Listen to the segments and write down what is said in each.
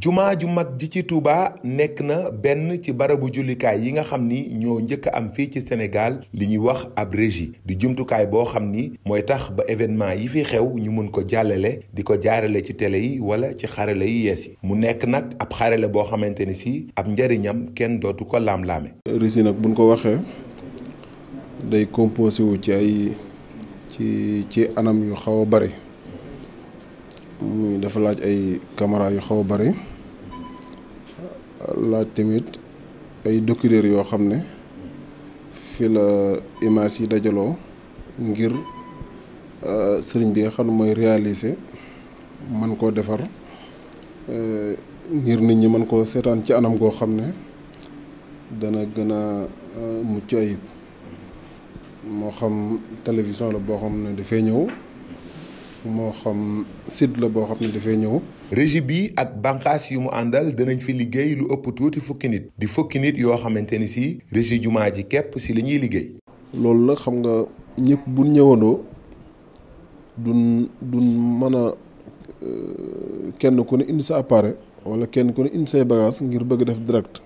jumaa ju mag ji ci Touba nekk na benn ci barabu jullikaay yi nga xam ni ñoo njëkk a am fii ci Sénégal li ñuy wax ab régie di jumtukaay boo xam ni mooy tax ba événement yi fi xew ñu mun ko jàllale di ko jaarale ci tele yi wala ci xarale yi yees yi mu nekk nag ab xarale boo xamante ni si ab njariñam kenn dootu ko laam-laame. régie nag buñ ko waxee day composé wu ci ay ci ci anam yu xaw a bari. muy dafa laaj ay caméra yu xaw a bari laaj tamit ay docudeur yoo xam ne fi la image yi dajaloo ngir euh, sëriñ bi nga xam ne mooy réaliser mën koo defar euh, ngir nit ñi mën koo seetaan ci anam goo xam ne dana gën a euh, mucc ayib moo xam télévision la boo xam ne dafay ñëw moo xam site la boo xam ne dafay ñëw. régie bi ak banqaas yu mu àndal danañ fi liggéey lu ëpp tuuti fukki nit. di fukki nit yoo xamante ni si régie jumaa ji képp si la ñuy liggéey. loolu nag xam nga ñëpp bu ñëwandoo duñ duñ mën a euh, kenn ku ne indi sa appareil wala kenn ku ne indi say bagage ngir bëgg def direct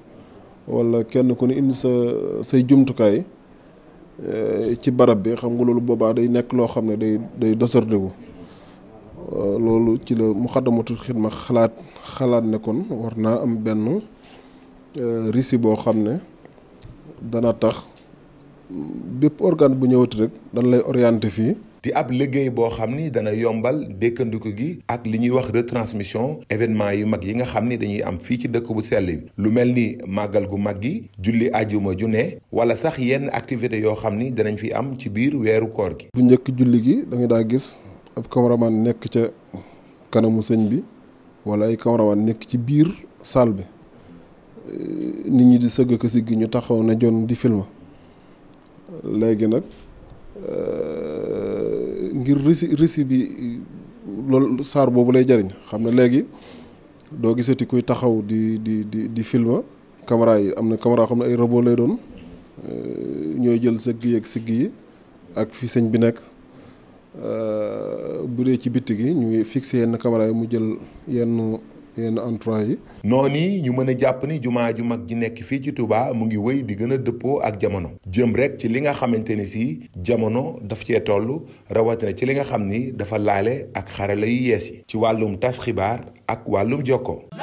wala kenn ku ne indi sa say jumtukaay. Euh, ci barab bi xam nga loolu boobaa day nekk loo xam ne day day désordre wu Euh, loolu ci la Muxaddamatul Xidma xalaat xalaat ne war naa am benn euh, risi boo xam ne dana tax bépp organe bu ñëwati rek dañ lay orienté fii di ab liggéey boo xam ni dana yombal dëkkandiku gi ak li ñuy wax retransmission événement yu mag yi nga xam ni dañuy am fii ci dëkk bu sell bi lu mel ni màggal gu mag gi julli ajuma ju ne wala sax yenn activité yoo xam ni danañ fi am ci biir weeru koor gi bu njëkk julli gi da nga daa gis ab cameraman nekk ca kanamu sëñ bi wala ay cameraman nekk ci biir salle bi eh, nit ñi di sëgg ko siggi ñu taxaw na jon di film léegi nag eh, ngir récit récit bi loolu saar boobu lay jariñ xam na léegi doo gisati kuy taxaw di di di di film caméra yi am na caméra xam ne ay robot lay doon eh, ñoo jël sëgg yi ak sigg yi ak fi sëñ bi nekk bu ci bitti gi ñu fixé yenn caméra yi mu jël yenn yenn entrant yi. noonu ñu mën a jàpp ni jumaa ju mag ji nekk fii ci Touba mu ngi wéy di gën a dëppoo ak jamono. jëm rek ci li nga xamante ni si jamono daf cee toll rawatina ci li nga xam ni dafa laale ak xarala yu yees yi. ci wàllum tas xibaar ak wàllum jokkoo.